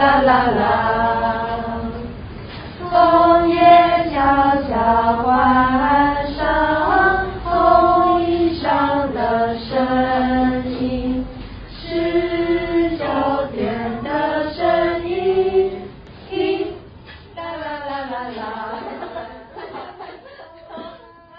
啦啦啦，楓葉悄悄關上紅衣裳，的身影，是秋天的聲音。聽，啦啦啦啦啦，啦啦啦啦啦啦。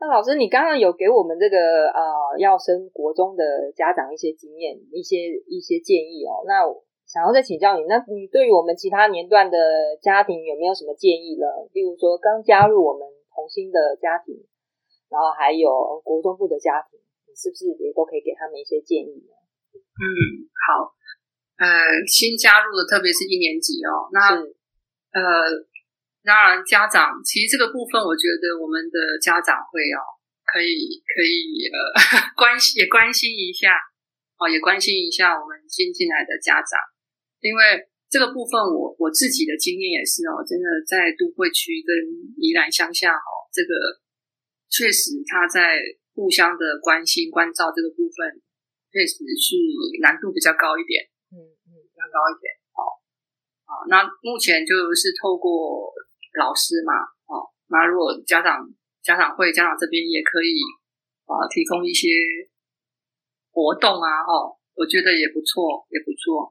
那老師，你剛剛有給我們這個呃。要升國中的家長一些經驗、一些一些建議哦。那想要再請教你，那你對於我們其他年段的家庭有沒有什麼建議了？例如說剛加入我們同心的家庭，然後還有國中部的家庭，你是不是也都可以給他們一些建議呢？嗯，好。呃，新加入的，特別是一年級哦。那呃，當然家長，其實這個部分，我覺得我們的家長會哦。可以可以呃，關心也關心一下，哦，也關心一下我們新進來的家長，因為這個部分我我自己的經驗也是哦，真的在都會區跟宜蘭鄉下哦，這個確實他在互相的關心關照這個部分確實是難度比較高一點，嗯嗯，比較高一點，哦，哦、哦，那目前就是透過老師嘛，哦，那如果家長。家長會，家長這邊也可以啊，提供一些活動啊，哈、哦，我覺得也不錯，也不錯。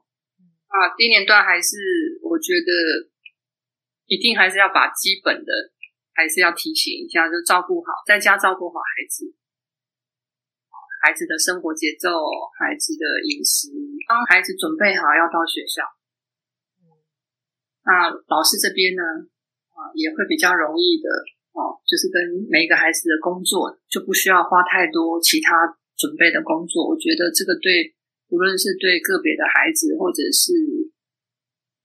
啊，低年段還是我覺得一定還是要把基本的還是要提醒一下，就照顧好，在家照顧好孩子，孩子的生活節奏，孩子的飲食，幫孩子準備好要到學校。那老師這邊呢，啊，也會比較容易的。哦，就是跟每一個孩子的工作就不需要花太多其他準備的工作。我覺得這個對無論是對個別的孩子，或者是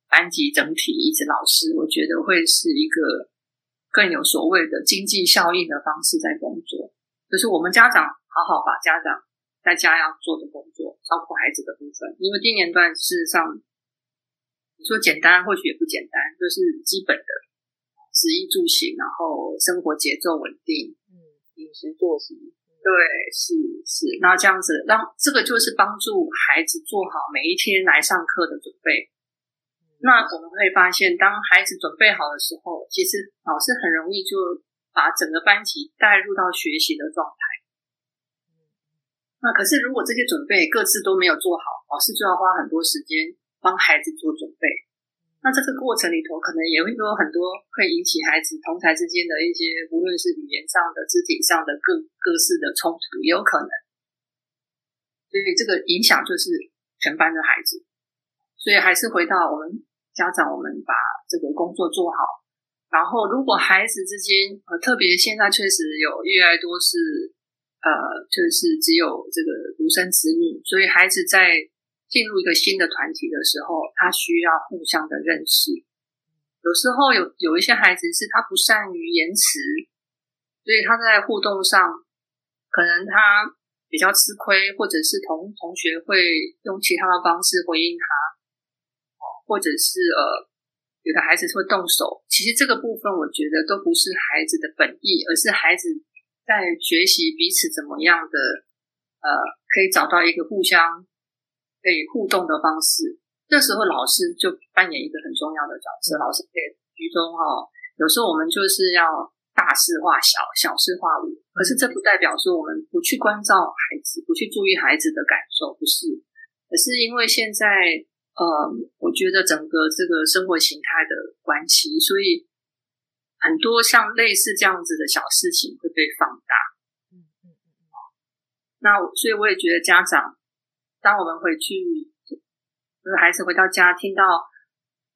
班級整體，以及老師，我覺得會是一個更有所謂的經濟效應的方式在工作。就是我們家長好好把家長在家要做的工作，包括孩子的部分，因為低年段事實上，你說簡單或許也不簡單，就是基本的。食衣住行，然後生活節奏穩定。嗯，飲食作息。嗯、對，是是。那這樣子，讓這個就是幫助孩子做好每一天來上課的準備，嗯。那我們會發現，當孩子準備好的時候，其實老師很容易就把整個班級帶入到學習的狀態，嗯。那可是，如果這些準備各自都沒有做好，老師就要花很多時間幫孩子做準備。那這個過程裡頭，可能也會有很多會引起孩子同儕之間的一些，無論是語言上的、肢體上的各各式的衝突，有可能。所以這個影響就是全班的孩子。所以還是回到我們家長，我們把這個工作做好。然後如果孩子之間，呃，特別現在確實有越來越多是，呃，就是只有這個獨生子女，所以孩子在。進入一個新的團體的時候，他需要互相的認識。有時候有有一些孩子是他不善於言辭，所以他在互動上可能他比較吃虧，或者是同同學會用其他的方式回應他，或者是呃，有的孩子會動手。其實這個部分我覺得都不是孩子的本意，而是孩子在學習彼此怎麼樣的，呃，可以找到一個互相。可以互動的方式，這時候老師就扮演一個很重要的角色，老師可以居中哦，有時候我們就是要大事化小，小事化無，可是這不代表說我們不去關照孩子，不去注意孩子的感受，不是，而是因為現在，呃，我覺得整個這個生活形態的關係，所以很多像類似這樣子的小事情會被放大。嗯嗯嗯。那所以我也覺得家長。當我們回去，就是孩子回到家，聽到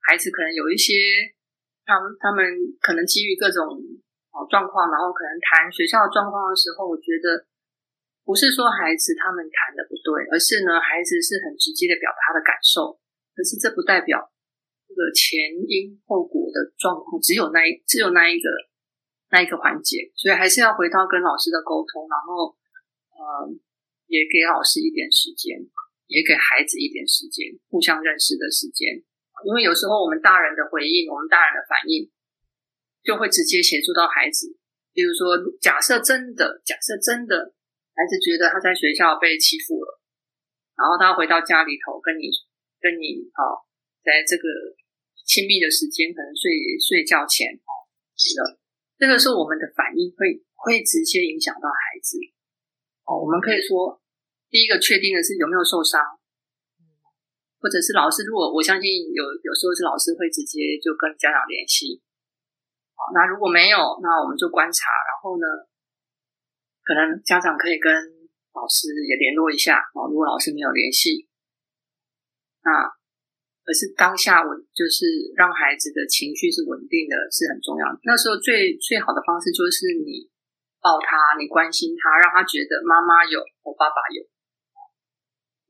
孩子可能有一些，他們他們可能基於各種哦狀況，然後可能談學校的狀況的時候，我覺得不是說孩子他們談的不對，而是呢，孩子是很直接的表達他的感受，可是這不代表這個前因後果的狀況只有那一只有那一個那一個環節，所以還是要回到跟老師的溝通，然後，嗯、呃。也給老師一點時間，也給孩子一點時間，互相認識的時間。因為有時候我們大人的回應，我們大人的反應，就會直接協助到孩子。比如說，假設真的，假設真的，孩子覺得他在學校被欺負了，然後他回到家裡頭，跟你，跟你，哦，在這個親密的時間，可能睡睡覺前，哦，了，這個時候我們的反應會會直接影響到孩子。哦，我們可以說，第一個確定的是有沒有受傷，或者是老師。如果我相信有，有時候是老師會直接就跟家長聯繫。好，那如果沒有，那我們就觀察。然後呢，可能家長可以跟老師也聯絡一下。哦，如果老師沒有聯繫，那而是當下我就是讓孩子的情緒是穩定的，是很重要的。那時候最最好的方式就是你。抱他，你關心他，讓他覺得媽媽有，我爸爸有，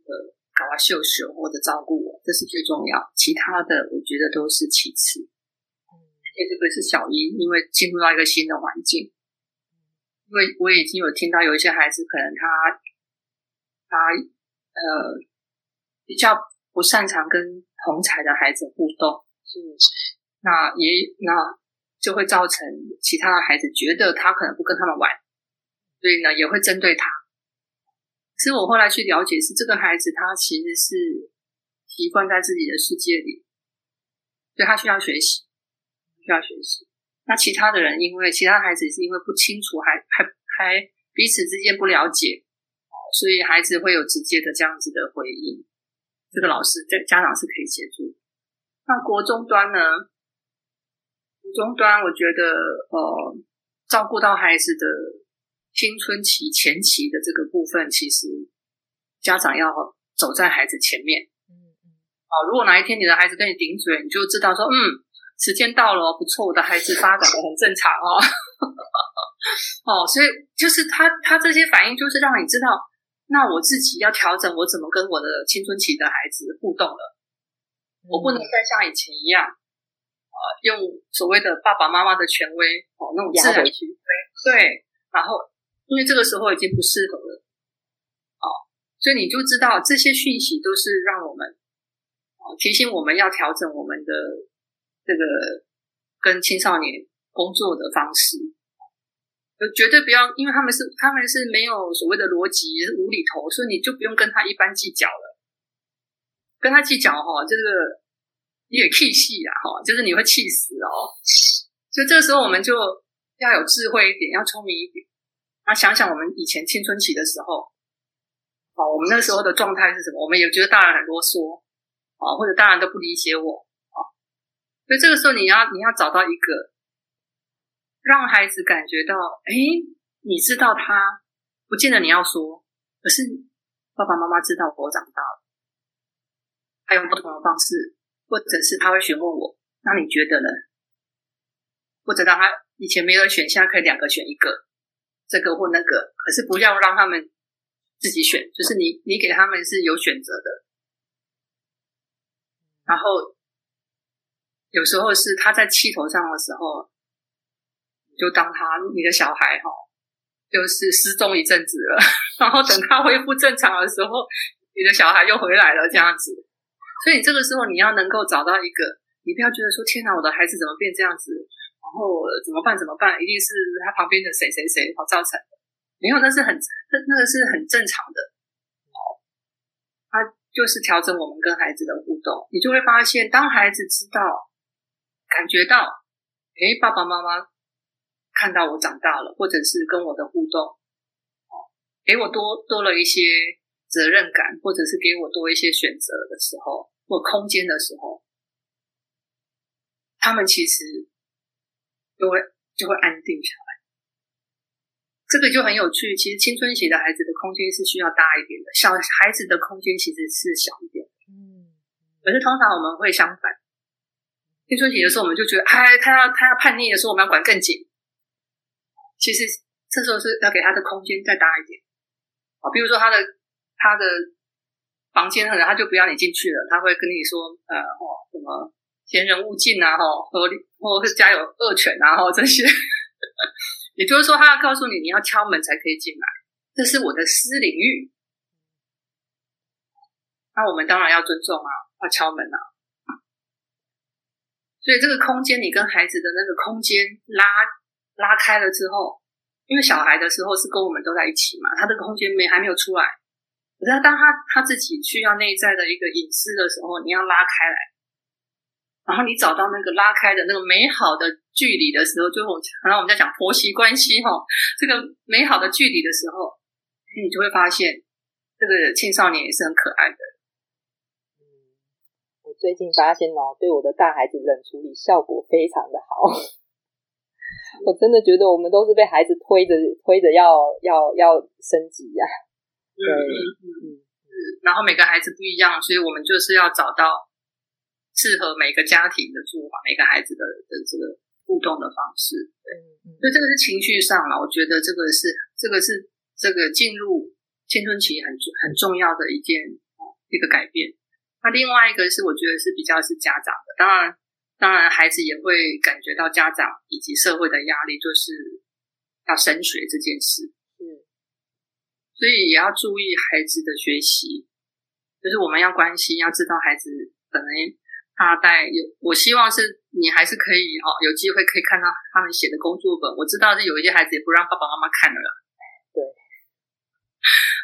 呃，給他秀秀或者照顧我，這是最重要。其他的，我覺得都是其次。而且這個是小一，因為進入到一個新的環境，嗯，因為我已經有聽到有一些孩子，可能他他呃比較不擅長跟同儕的孩子互動。是、嗯，那也那。就會造成其他的孩子覺得他可能不跟他們玩，所以呢也會針對他。其實我後來去了解，是這個孩子他其實是習慣在自己的世界裡，所以他需要學習，需要學習。那其他的人因為其他孩子是因為不清楚，還還還彼此之間不了解，所以孩子會有直接的這樣子的回應。這個老師對，家長是可以協助。那國中端呢？終端，我覺得，呃、哦，照顧到孩子的青春期前期的這個部分，其實家長要走在孩子前面。嗯、哦、嗯。如果哪一天你的孩子跟你頂嘴，你就知道說，嗯，時間到了，不錯，我的孩子發展得很正常哦。 哦，所以就是他他這些反應，就是讓你知道，那我自己要調整，我怎麼跟我的青春期的孩子互動了？嗯、我不能再像以前一樣。用所謂的爸爸媽媽的權威哦，那種自然權威，對。然後，因為這個時候已經不適合了，哦，所以你就知道這些訊息都是讓我們、哦、提醒我們要調整我們的這個跟青少年工作的方式。哦、就絕對不要，因為他們是他們是沒有所謂的邏輯，也是無厘頭，所以你就不用跟他一般計較了，跟他計較哈，這、哦、個。就是你也氣息啦，哈，就是你會氣死哦。所以這個時候我們就要有智慧一點，要聰明一點。那、啊、想想我們以前青春期的時候，哦，我們那時候的狀態是什麼？我們也覺得大人很囉嗦，哦，或者大人都不理解我，哦，所以這個時候你要，你要找到一個讓孩子感覺到，誒、欸，你知道他不見得你要說，可是爸爸媽媽知道我，我長大了，他用不同的方式。或者是他會詢問我：“那你覺得呢？”或者當他以前沒有選項，現在可以兩個選一個，這個或那個。可是不要讓他們自己選，就是你你給他們是有選擇的。然後有時候是他在氣頭上的時候，就當他你的小孩哈，就是失蹤一陣子了。然後等他恢復正常的時候，你的小孩又回來了，這樣子。所以這個時候你要能夠找到一個，你不要覺得說天哪，我的孩子怎麼變這樣子，然後怎麼辦怎麼辦？一定是他旁邊的誰誰誰好造成的，沒有，那是很那那個是很正常的。哦，他就是調整我們跟孩子的互動，你就會發現，當孩子知道感覺到，誒，爸爸媽媽看到我長大了，或者是跟我的互動，哦，給我多多了一些。責任感，或者是給我多一些選擇的時候，或空間的時候，他們其實就會就會安定下來。這個就很有趣。其實青春期的孩子的空間是需要大一點的，小孩子的空間其實是小一點。嗯。可是通常我們會相反，青春期的時候我們就覺得，哎，他要他要叛逆的時候，我們要管更緊。其實這時候是要給他的空間再大一點。好，比如說他的。他的房間可能他就不要你進去了，他會跟你說：“呃，哦，什麼閒人勿進啊，齁，或或是家有惡犬啊，齁，這些。”也就是說，他要告訴你，你要敲門才可以進來，這是我的私領域。那我們當然要尊重啊，要敲門啊。所以，這個空間，你跟孩子的那個空間拉拉開了之後，因為小孩的時候是跟我們都在一起嘛，他的空間沒還沒有出來。我知道，當他他自己需要內在的一個隱私的時候，你要拉開來，然後你找到那個拉開的那個美好的距離的時候，最後，好像我們在講婆媳關係哈，這個美好的距離的時候，你就會發現這個青少年也是很可愛的。嗯，我最近發現哦，對我的大孩子冷處理效果非常的好。 我真的覺得我們都是被孩子推着推着要要要升級呀、啊。對、嗯嗯嗯嗯，然後每個孩子不一樣，所以我們就是要找到適合每個家庭的做法，每個孩子的的這個互動的方式。對，所、嗯、以、嗯、這個是情緒上了，我覺得這個是這個是、這個、是這個進入青春期很很重要的一件、嗯、一個改變。那另外一個是，我覺得是比較是家長的，當然當然孩子也會感覺到家長以及社會的壓力，就是要升學這件事。所以也要注意孩子的學習，就是我們要關心，要知道孩子可能大概有。我希望是你還是可以哦，有機會可以看到他們寫的工作本。我知道是有一些孩子也不讓爸爸媽媽看了。對，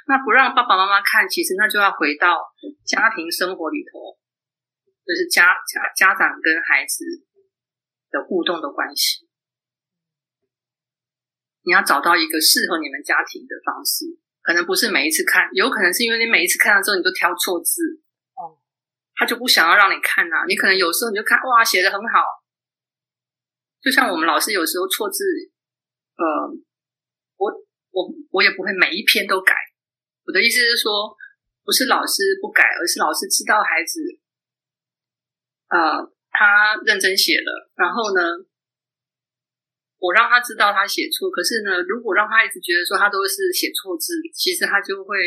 那不讓爸爸媽媽看，其實那就要回到家庭生活裡頭，就是家家家長跟孩子的互動的關係，你要找到一個適合你們家庭的方式。可能不是每一次看，有可能是因為你每一次看到之後，你都挑錯字，哦，他就不想要讓你看啊。你可能有時候你就看，哇，寫得很好，就像我們老師有時候錯字，呃，我我我也不會每一篇都改。我的意思是說，不是老師不改，而是老師知道孩子，呃，他認真寫了，然後呢。我讓他知道他寫錯，可是呢，如果讓他一直覺得說他都是寫錯字，其實他就會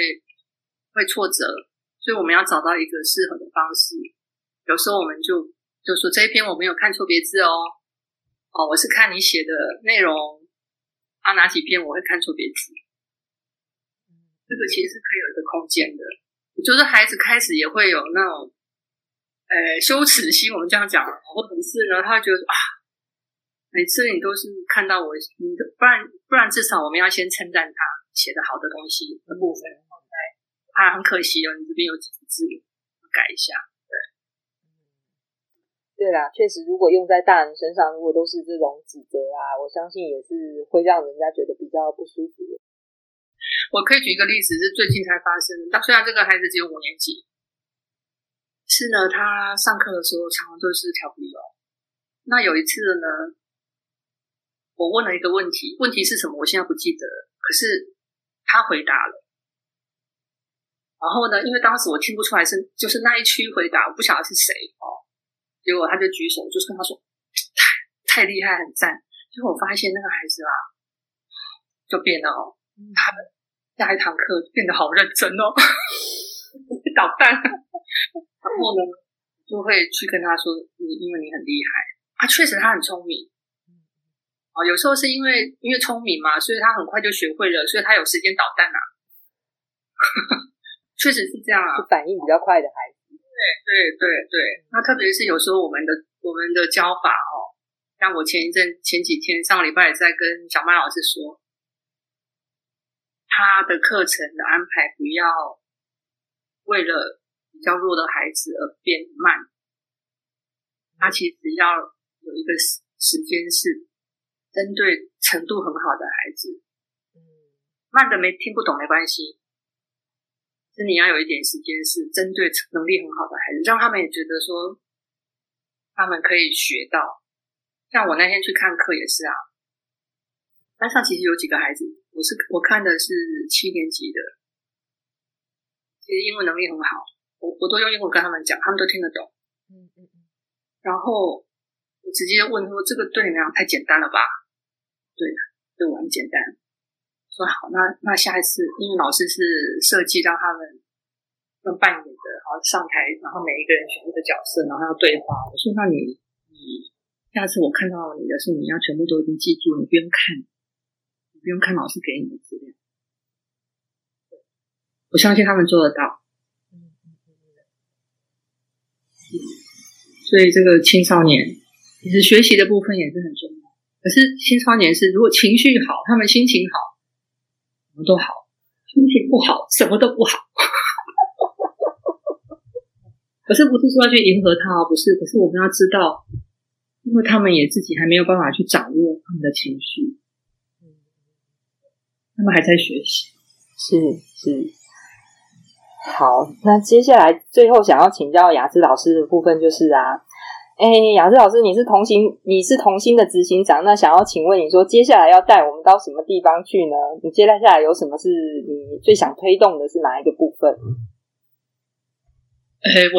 會挫折。所以我們要找到一個適合的方式。有時候我們就就說這一篇我沒有看錯別字哦，哦，我是看你寫的內容。他、啊、哪幾篇我會看錯別字？這個其實是可以有一個空間的，就是孩子開始也會有那種，呃、欸，羞恥心。我們這樣講，然後同時呢，他會覺得啊。每次你都是看到我，你不然不然至少我們要先稱讚他寫的好的東西的部分。在，啊，很可惜哦，你這邊有幾個字要改一下。對，對啦，確實，如果用在大人身上，如果都是這種指責啊，我相信也是會讓人家覺得比較不舒服的。我可以舉一個例子，是最近才發生。那雖然這個孩子只有五年級，是呢，他上課的時候常常都是調皮哦。那有一次呢？我問了一個問題，問題是什麼？我現在不記得。可是他回答了。然後呢？因為當時我聽不出來是，就是那一區回答，我不曉得是誰哦。結果他就舉手，我就是跟他說：“太，太厲害，很贊。”結果我發現那個孩子啊，就變了哦。他下一堂課就變得好認真哦，我、嗯、會 搗蛋。我就會去跟他說：“你，因為你很厲害。他確實他很聰明。”哦、有時候是因為因為聰明嘛，所以他很快就學會了，所以他有時間搗蛋啊。 確實是這樣、啊，反應比較快的孩子，對對對對、嗯。那特別是有時候我們的我們的教法哦，像我前一陣前幾天上禮拜也在跟小曼老師說，他的課程的安排不要為了比較弱的孩子而變慢，嗯、他其實要有一個時間是。針對程度很好的孩子，嗯，慢的沒聽不懂沒關係，是你要有一點時間，是針對能力很好的孩子，讓他們也覺得說，他們可以學到。像我那天去看課也是啊，班上其實有幾個孩子，我是我看的是七年級的，其實英文能力很好，我我都用英文跟他們講，他們都聽得懂，嗯嗯嗯，然後。我直接問說：“這個對你們太簡單了吧？”對，對我很簡單。說好，那那下一次，因為老師是設計讓他們要扮演的，然後上台，然後每一個人選一個角色，然後要對話。我說：“那你你下次我看到你的時候你要全部都已經記住，你不用看，你不用看老師給你的資料。”我相信他們做得到。所以這個青少年。其實學習的部分也是很重要。可是青少年是，如果情緒好，他們心情好，什麼都好；心情不好，什麼都不好。 可是不是說要去迎合他，不是。可是我們要知道，因為他們也自己還沒有辦法去掌握他們的情緒，嗯、他們還在學習。是是。好，那接下來最後想要請教雅智老師的部分就是啊。哎、欸，雅智老師，你是同心，你是同心的執行長，那想要請問你說，接下來要帶我們到什麼地方去呢？你接下來有什麼是你最想推動的是哪一個部分？哎、欸，我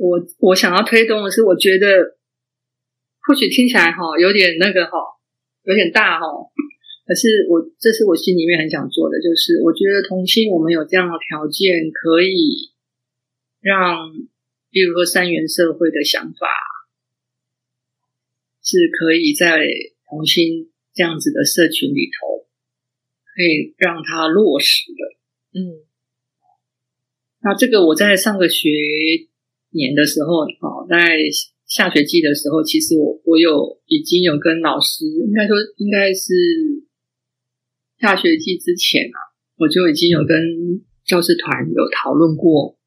我我想要推動的是，我覺得或許聽起來哈有點那個哈有點大哈，可是我這是我心裡面很想做的，就是我覺得同心我們有這樣的條件，可以讓。例如說三元社會的想法，是可以在同心這樣子的社群裡頭，可以讓它落實的。嗯，那這個我在上個學年的時候，哦，在下學季的時候，其實我我有已經有跟老師，應該說應該是下學季之前啊，我就已經有跟教師團有討論過，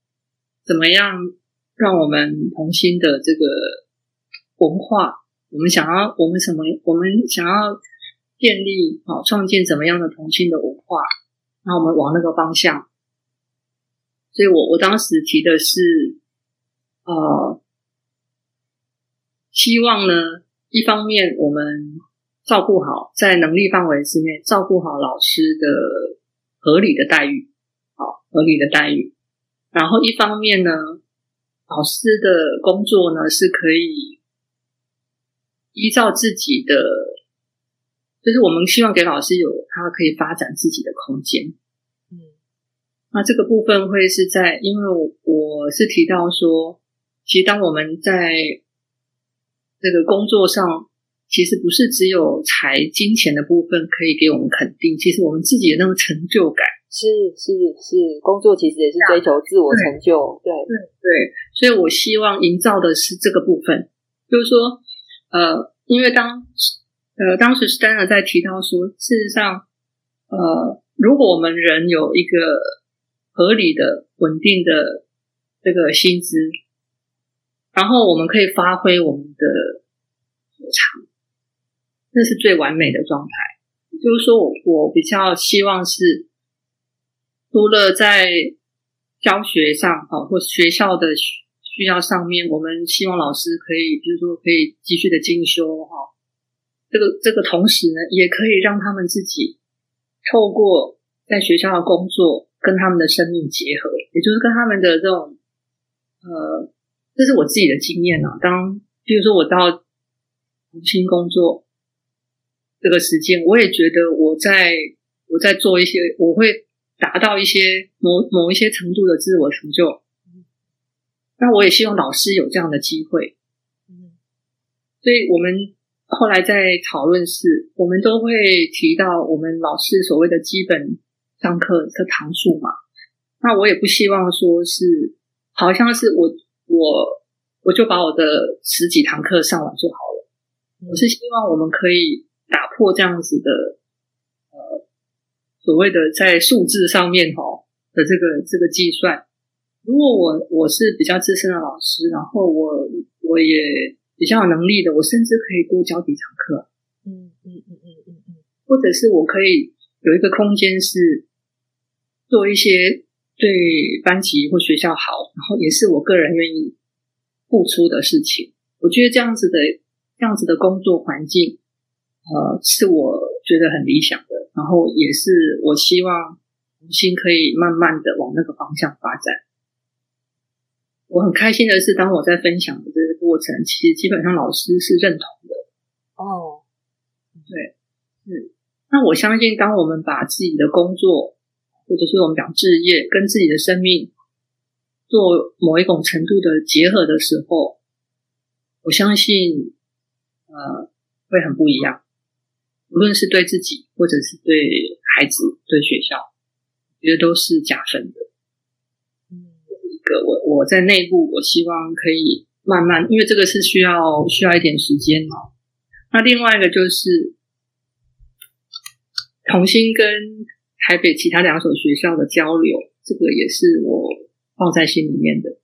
怎麼樣。讓我們同心的這個文化，我們想要，我們什麼？我們想要建立啊，創建怎麼樣的同心的文化？那我們往那個方向。所以我我當時提的是，呃，希望呢，一方面我們照顧好，在能力範圍之內照顧好老師的合理的待遇，好，合理的待遇。然後一方面呢。老師的工作呢，是可以依照自己的，就是我們希望給老師有他可以發展自己的空間。嗯，那這個部分會是在，因為我我是提到說，其實當我們在這個工作上，其實不是只有財金錢的部分可以給我們肯定，其實我們自己有那種成就感，是是是，工作其實也是追求自我成就，對對對。對對所以我希望營造的是這個部分，就是說，呃，因為當呃當時 Stanger 在提到說，事實上，呃，如果我們人有一個合理的、穩定的這個薪資，然後我們可以發揮我們的所長，那是最完美的狀態。就是說我我比較希望是除了在教學上，好、呃、或學校的。需要上面，我們希望老師可以，就是說可以繼續的進修哈、哦。這個這個同時呢，也可以讓他們自己透過在學校的工作跟他們的生命結合，也就是跟他們的這種呃，這是我自己的經驗啊。當比如說我到重新工作這個時間，我也覺得我在我在做一些，我會達到一些某某一些程度的自我成就。那我也希望老師有這樣的機會。嗯，所以我們後來在討論，是我們都會提到我們老師所謂的基本上課的堂數嘛。那我也不希望說是，好像是我我我就把我的十幾堂課上完就好了。我是希望我們可以打破這樣子的，呃，所謂的在數字上面的這個這個計算。如果我我是比較資深的老師，然後我我也比較有能力的，我甚至可以多教幾堂課。嗯嗯嗯嗯嗯嗯，或者是我可以有一個空間，是做一些對班級或學校好，然後也是我個人願意付出的事情。我覺得這樣子的、這樣子的工作環境，呃，是我覺得很理想的，然後也是我希望重新可以慢慢的往那個方向發展。我很開心的是，當我在分享的這個過程，其實基本上老師是認同的。哦，對，是。那我相信，當我們把自己的工作，或者是我們講職業，跟自己的生命做某一種程度的結合的時候，我相信，呃，會很不一樣。無論是對自己，或者是對孩子、對學校，我覺得都是加分的。我我在內部，我希望可以慢慢，因為這個是需要需要一點時間哦。那另外一個就是同心跟台北其他兩所學校的交流，這個也是我放在心裡面的。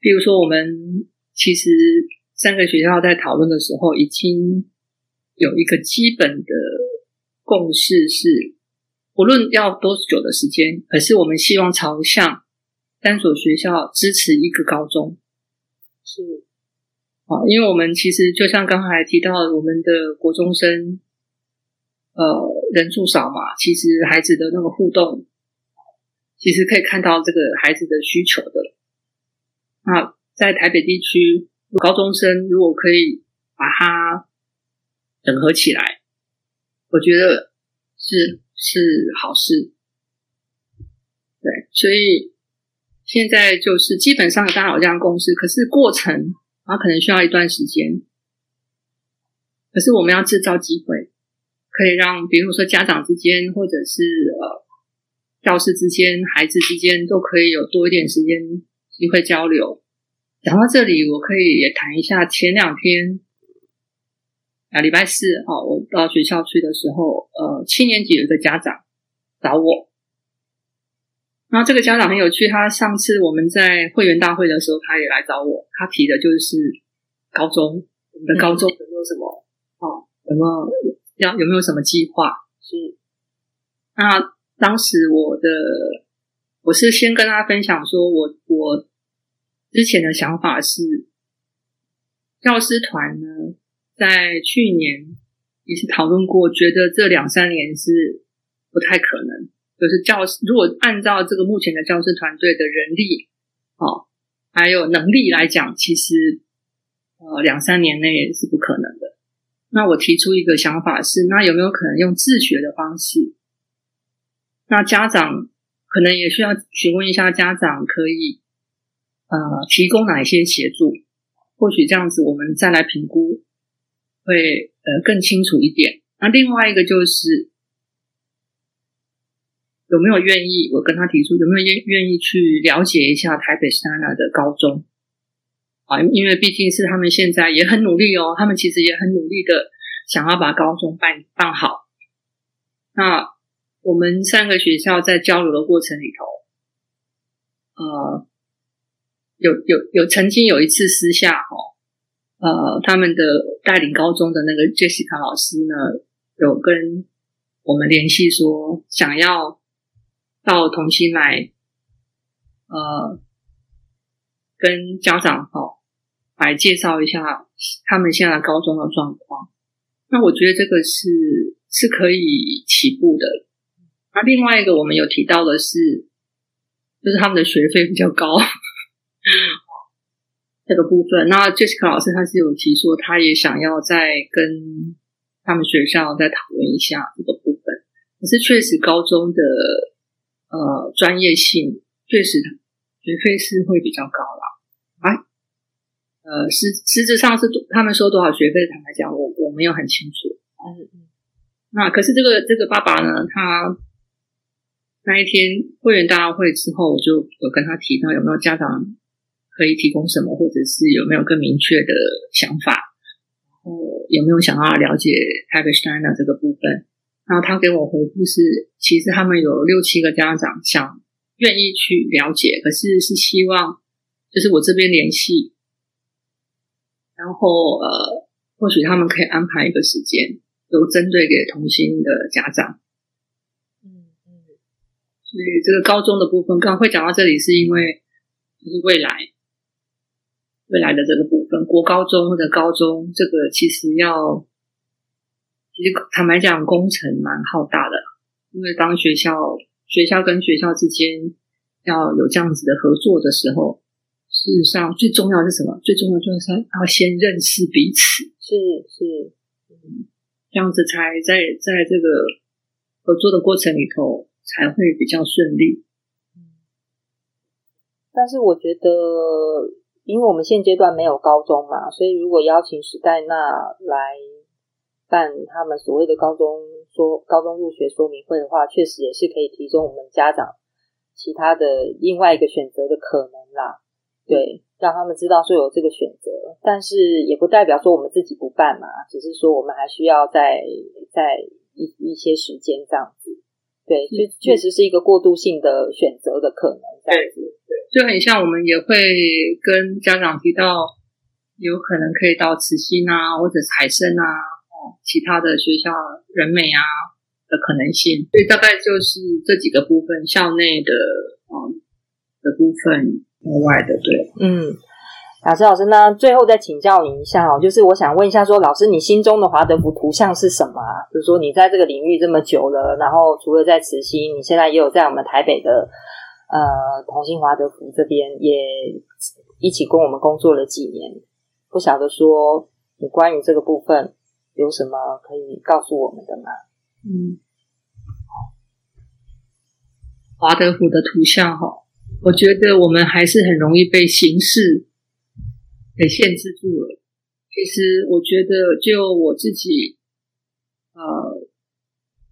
比如說，我們其實三個學校在討論的時候，已經有一個基本的共識是，是不論要多久的時間，可是我們希望朝向。三所學校支持一個高中，是，好，因為我們其實就像剛才提到，我們的國中生，呃，人數少嘛，其實孩子的那個互動，其實可以看到這個孩子的需求的。那在台北地區，高中生如果可以把它整合起來，我覺得是是好事，對，所以。現在就是基本上大家有這樣共識，可是過程，然後，啊，可能需要一段時間。可是我們要製造機會，可以讓比如說家長之間，或者是呃，教師之間、孩子之間，都可以有多一點時間機會交流。講到這裡，我可以也談一下前兩天，啊，禮拜四啊，我到學校去的時候，呃，七年級有一個家長找我。然後這個家長很有趣，他上次我們在會員大會的時候，他也來找我。他提的就是高中，我們的高中有沒有什麼？哦、嗯啊，有沒有要有沒有什麼計劃？是。那當時我的我是先跟大家分享說我，我我之前的想法是，教師團呢在去年也是討論過，覺得這兩三年是不太可能。就是教師，如果按照這個目前的教師團隊的人力，哦，還有能力來講，其實呃，哦，兩三年內也是不可能的。那我提出一個想法是，那有沒有可能用自學的方式？那家長可能也需要詢問一下家長，可以呃提供哪些協助？或許這樣子我們再來評估，會呃更清楚一點。那另外一個就是。有沒有願意我跟他提出？有沒有願願意去了解一下台北山娜的高中啊？因為畢竟是他們現在也很努力哦，他們其實也很努力的想要把高中辦辦好。那我們三個學校在交流的過程裡頭，呃，有有有曾經有一次私下哦，呃，他們的帶領高中的那個 Jessica 老師呢，有跟我們聯繫說想要。到同心來，呃，跟家長哈、哦、來介紹一下他們現在高中的狀況。那我覺得這個是是可以起步的。那、啊、另外一個我們有提到的是，就是他們的學費比較高、嗯、這個部分。那 Jessica 老師他是有提說，他也想要再跟他們學校再討論一下這個部分。可是確實高中的。呃，專業性確實，學費是會比較高了啊。呃，實實質上是他們收多少學費，坦白講，我我沒有很清楚。嗯、啊，那可是這個這個爸爸呢，他那一天會員大會之後，我就有跟他提到，有沒有家長可以提供什麼，或者是有沒有更明確的想法，然後有沒有想要了解塔 t h i n 的這個部分？然後他給我回復是，其實他們有六七個家長想願意去了解，可是是希望就是我這邊聯繫，然後呃，或許他們可以安排一個時間，都針對給同心的家長。嗯嗯，所以這個高中的部分剛會講到這裡，是因為就是未來未來的這個部分，國高中或者高中這個其實要。其實坦白講，工程蠻浩大的，因為當學校、學校跟學校之間要有這樣子的合作的時候，事實上最重要是什麼？最重要就是要先認識彼此，是是，嗯，這樣子才在在這個合作的過程裡頭才會比較順利。但是我覺得，因為我們現階段沒有高中嘛，所以如果邀請史黛娜來。辦他們所謂的高中說高中入學說明會的話，確實也是可以提供我們家長其他的另外一個選擇的可能啦。對，讓他們知道說有這個選擇，但是也不代表說我們自己不辦嘛，只是說我們還需要再再一一些時間這樣子。對，就確、嗯、確實是一個過渡性的選擇的可能。對對，就很像我們也會跟家長提到，有可能可以到慈心啊，或者是海聲啊。其他的學校人美啊的可能性，所以大概就是這幾個部分，校內的啊、哦、的部分，校外的對。嗯，老師老師，那最後再請教你一下哦，就是我想問一下說，說老師你心中的華德福圖像是什麼啊？就是說你在這個領域這麼久了，然後除了在慈溪，你現在也有在我們台北的呃同心華德福這邊也一起跟我們工作了幾年，不曉得說你關於這個部分。有什麼可以告訴我們的嗎？嗯，華德福的圖像哈，我覺得我們還是很容易被形式給限制住了。其實，我覺得就我自己，呃，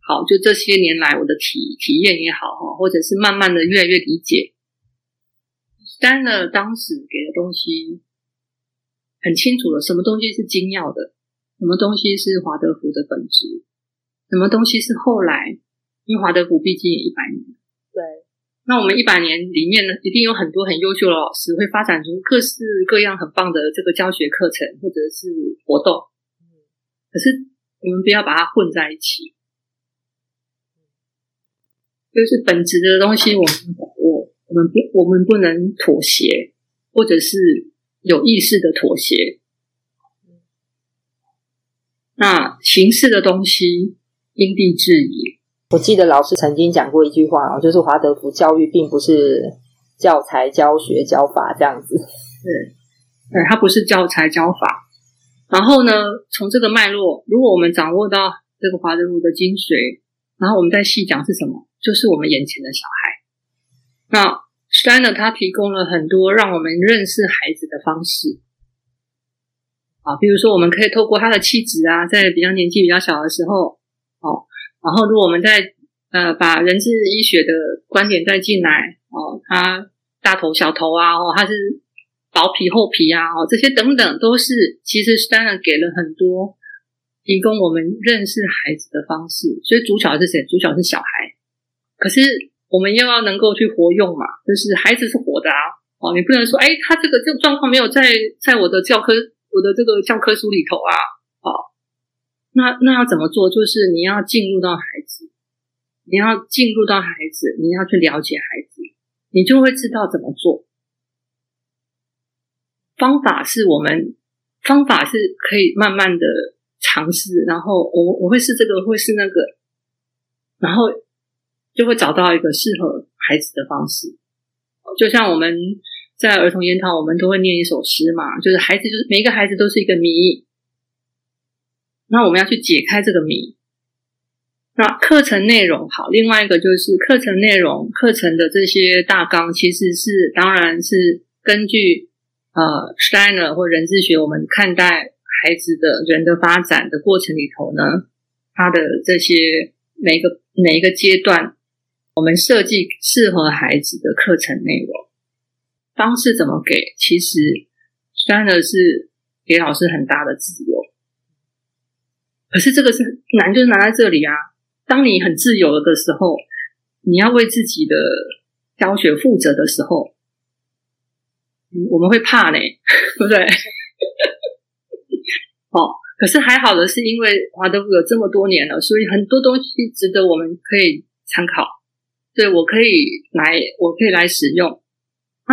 好，就這些年來我的體體驗也好哈，或者是慢慢的越來越理解，當然了，當時給的東西很清楚了，什麼東西是精要的。什麼東西是華德福的本質？什麼東西是後來？因為華德福畢竟也一百年。對。那我們一百年裡面呢，一定有很多很優秀的老師會發展出各式各樣很棒的這個教學課程或者是活動。可是我們不要把它混在一起。就是本質的東西我們我，我們我我們不我們不能妥協，或者是有意識的妥協。那形式的東西因地制宜。我記得老師曾經講過一句話，就是華德福教育並不是教材、教學、教法這樣子。對，對，它不是教材教法。然後呢，從這個脈絡，如果我們掌握到這個華德福的精髓，然後我們再細講是什麼，就是我們眼前的小孩。那 s 然呢，n 他提供了很多讓我們認識孩子的方式。啊，比如說，我們可以透過他的氣質啊，在比較年紀比較小的時候，哦，然後如果我們在呃把人智醫學的觀點帶進來，哦，他大頭小頭啊，哦，他是薄皮厚皮啊，哦，這些等等都是，其實當然給了很多提供我們認識孩子的方式。所以主角是誰？主角是小孩。可是我們又要能夠去活用嘛，就是孩子是活的啊，哦，你不能說，哎，他這個這個狀況沒有在在我的教科。我的這個教科書裡頭啊，好、哦，那那要怎麼做？就是你要進入到孩子，你要進入到孩子，你要去了解孩子，你就會知道怎麼做。方法是我們，方法是可以慢慢的嘗試，然後我我會試這個，我會試那個，然後就會找到一個適合孩子的方式，就像我們，在兒童研討，我們都會念一首詩嘛，就是孩子，就是每一個孩子都是一個謎，那我們要去解開這個謎。那課程內容好，另外一個就是課程內容，課程的這些大綱其實是，當然是根據呃，Steiner 或人智學，我們看待孩子的人的發展的過程裡頭呢，他的這些每一個每一個階段，我們設計適合孩子的課程內容。方式怎麼給？其實真的是給老師很大的自由。可是這個是難，就是難在這裡啊！當你很自由的時候，你要為自己的教學負責的時候，我們會怕呢，對不對？ 哦，可是還好的是因為華德福有這麼多年了，所以很多東西值得我們可以參考。對，我可以來，我可以來使用。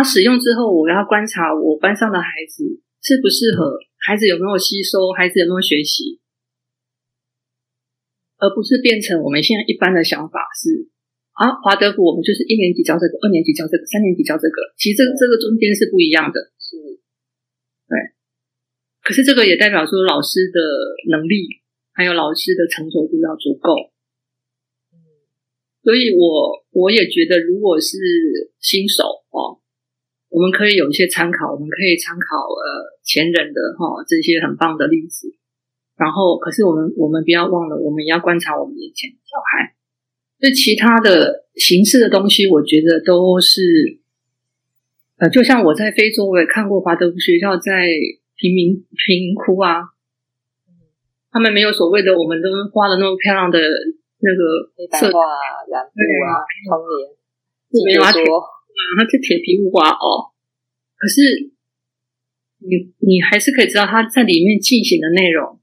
他使用之後，我要觀察我班上的孩子適不適合，孩子有沒有吸收，孩子有沒有學習，而不是變成我們現在一般的想法是：啊，華德福我們就是一年級教這個，二年級教這個，三年級教這個。其實這個這個中間是不一樣的，是，對。可是這個也代表說，老師的能力還有老師的成熟度要足夠。嗯，所以我我也覺得，如果是新手哦。我們可以有一些參考，我們可以參考呃前人的哈這些很棒的例子。然後，可是我們我們不要忘了，我們也要觀察我們眼前的小孩。這其他的形式的東西，我覺得都是呃，就像我在非洲我也看過華德福學校在貧民貧民窟啊、嗯，他們沒有所謂的我們都畫的那麼漂亮的那個色黑白啊，藍布啊、窗、嗯、簾、木有花、啊、桌。啊，這鐵皮木瓜哦。可是你，你你還是可以知道它在裡面進行的內容。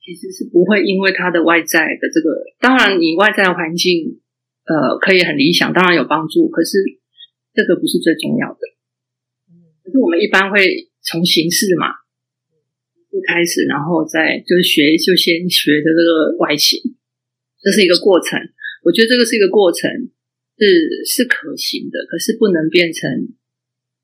其實是不會因為它的外在的這個，當然你外在的環境，呃，可以很理想，當然有幫助。可是這個不是最重要的。可是我們一般會從形式嘛，就開始，然後再就是學，就先學的這個外形，這是一個過程。我覺得這個是一個過程。是，是可行的，可是不能變成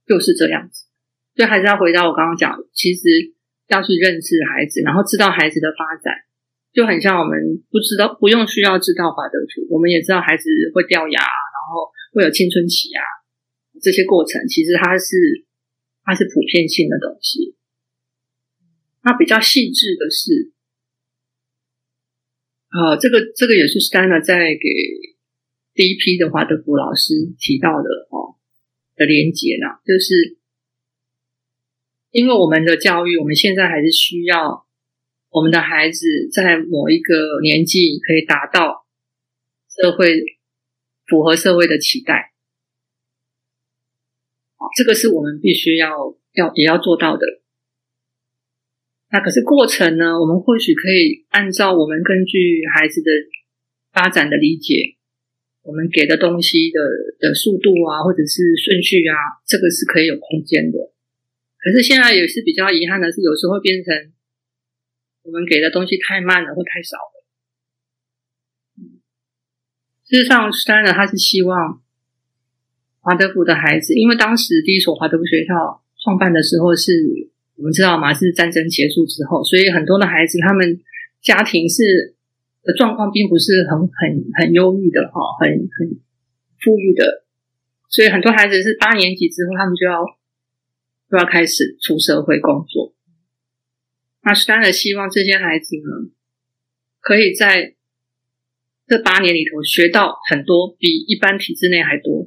就是這樣子。所以還是要回到我剛剛講，其實要去認識孩子，然後知道孩子的發展，就很像我們不知道，不用需要知道華德圖，我們也知道孩子會掉牙，然後會有青春期啊這些過程，其實它是它是普遍性的東西。那比較細緻的是，呃，這個這個也是 Stana 在給。第一批的華德福老師提到的哦的連接呢，就是因為我們的教育，我們現在還是需要我們的孩子在某一個年紀可以達到社會符合社會的期待，這個是我們必須要要也要做到的。那可是過程呢，我們或許可以按照我們根據孩子的發展的理解。我們給的東西的的速度啊，或者是順序啊，這個是可以有空間的。可是現在也是比較遺憾的是，有時候會變成我們給的東西太慢了或太少了。嗯，事實上，山人他是希望華德福的孩子，因為當時第一所華德福學校創辦的時候是我們知道嗎？是戰爭結束之後，所以很多的孩子他們家庭是。的狀況並不是很很很憂鬱的哈，很很，很，很富裕的，所以很多孩子是八年級之後，他們就要就要開始出社會工作。那史代納希望這些孩子呢，可以在這八年裡頭學到很多，比一般體制內還多。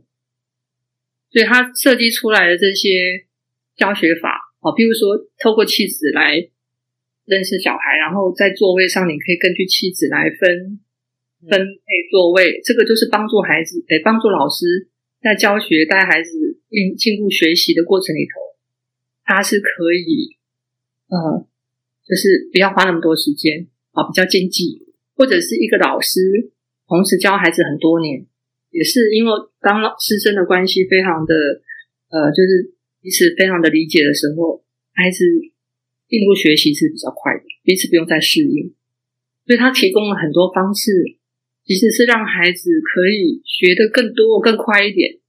所以他設計出來的這些教學法啊，譬如說透過氣質來。認識小孩，然後在座位上，你可以根據氣質來分分配座位，嗯。這個就是幫助孩子，得幫助老師在教學帶孩子進進入學習的過程裡頭，他是可以，呃就是不要花那麼多時間啊，比較經濟，或者是一個老師同時教孩子很多年，也是因為當師生的關係非常的，呃，就是彼此非常的理解的時候，孩子。進入學習是比較快的，彼此不用再適應，所以他提供了很多方式，其實是讓孩子可以學得更多、更快一點。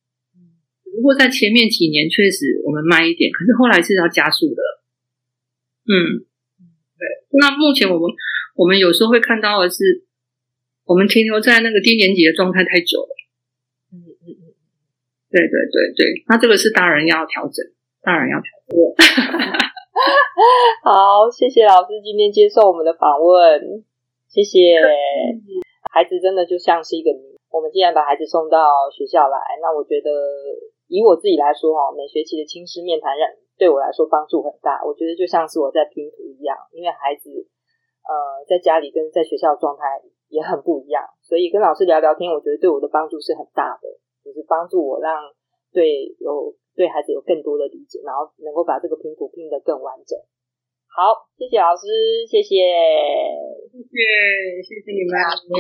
不過在前面幾年確實我們慢一點，可是後來是要加速的。嗯，嗯對。那目前我們我們有時候會看到的是，我們停留在那個低年級的狀態太久了。嗯嗯嗯，對對對對，那這個是大人要調整，大人要調整。嗯 好，謝謝老師今天接受我們的訪問，謝謝。 孩子真的就像是一個謎，我們既然把孩子送到學校來，那我覺得以我自己來說哈、哦，每學期的親師面談人對我來說幫助很大。我覺得就像是我在拼圖一樣，因為孩子呃在家裡跟在學校的狀態也很不一樣，所以跟老師聊聊天，我覺得對我的幫助是很大的，就是幫助我讓。對，有，對孩子有更多的理解，然後能夠把這個拼圖拼得更完整。好，謝謝老師，謝謝，謝謝，謝謝你們啊！嗯。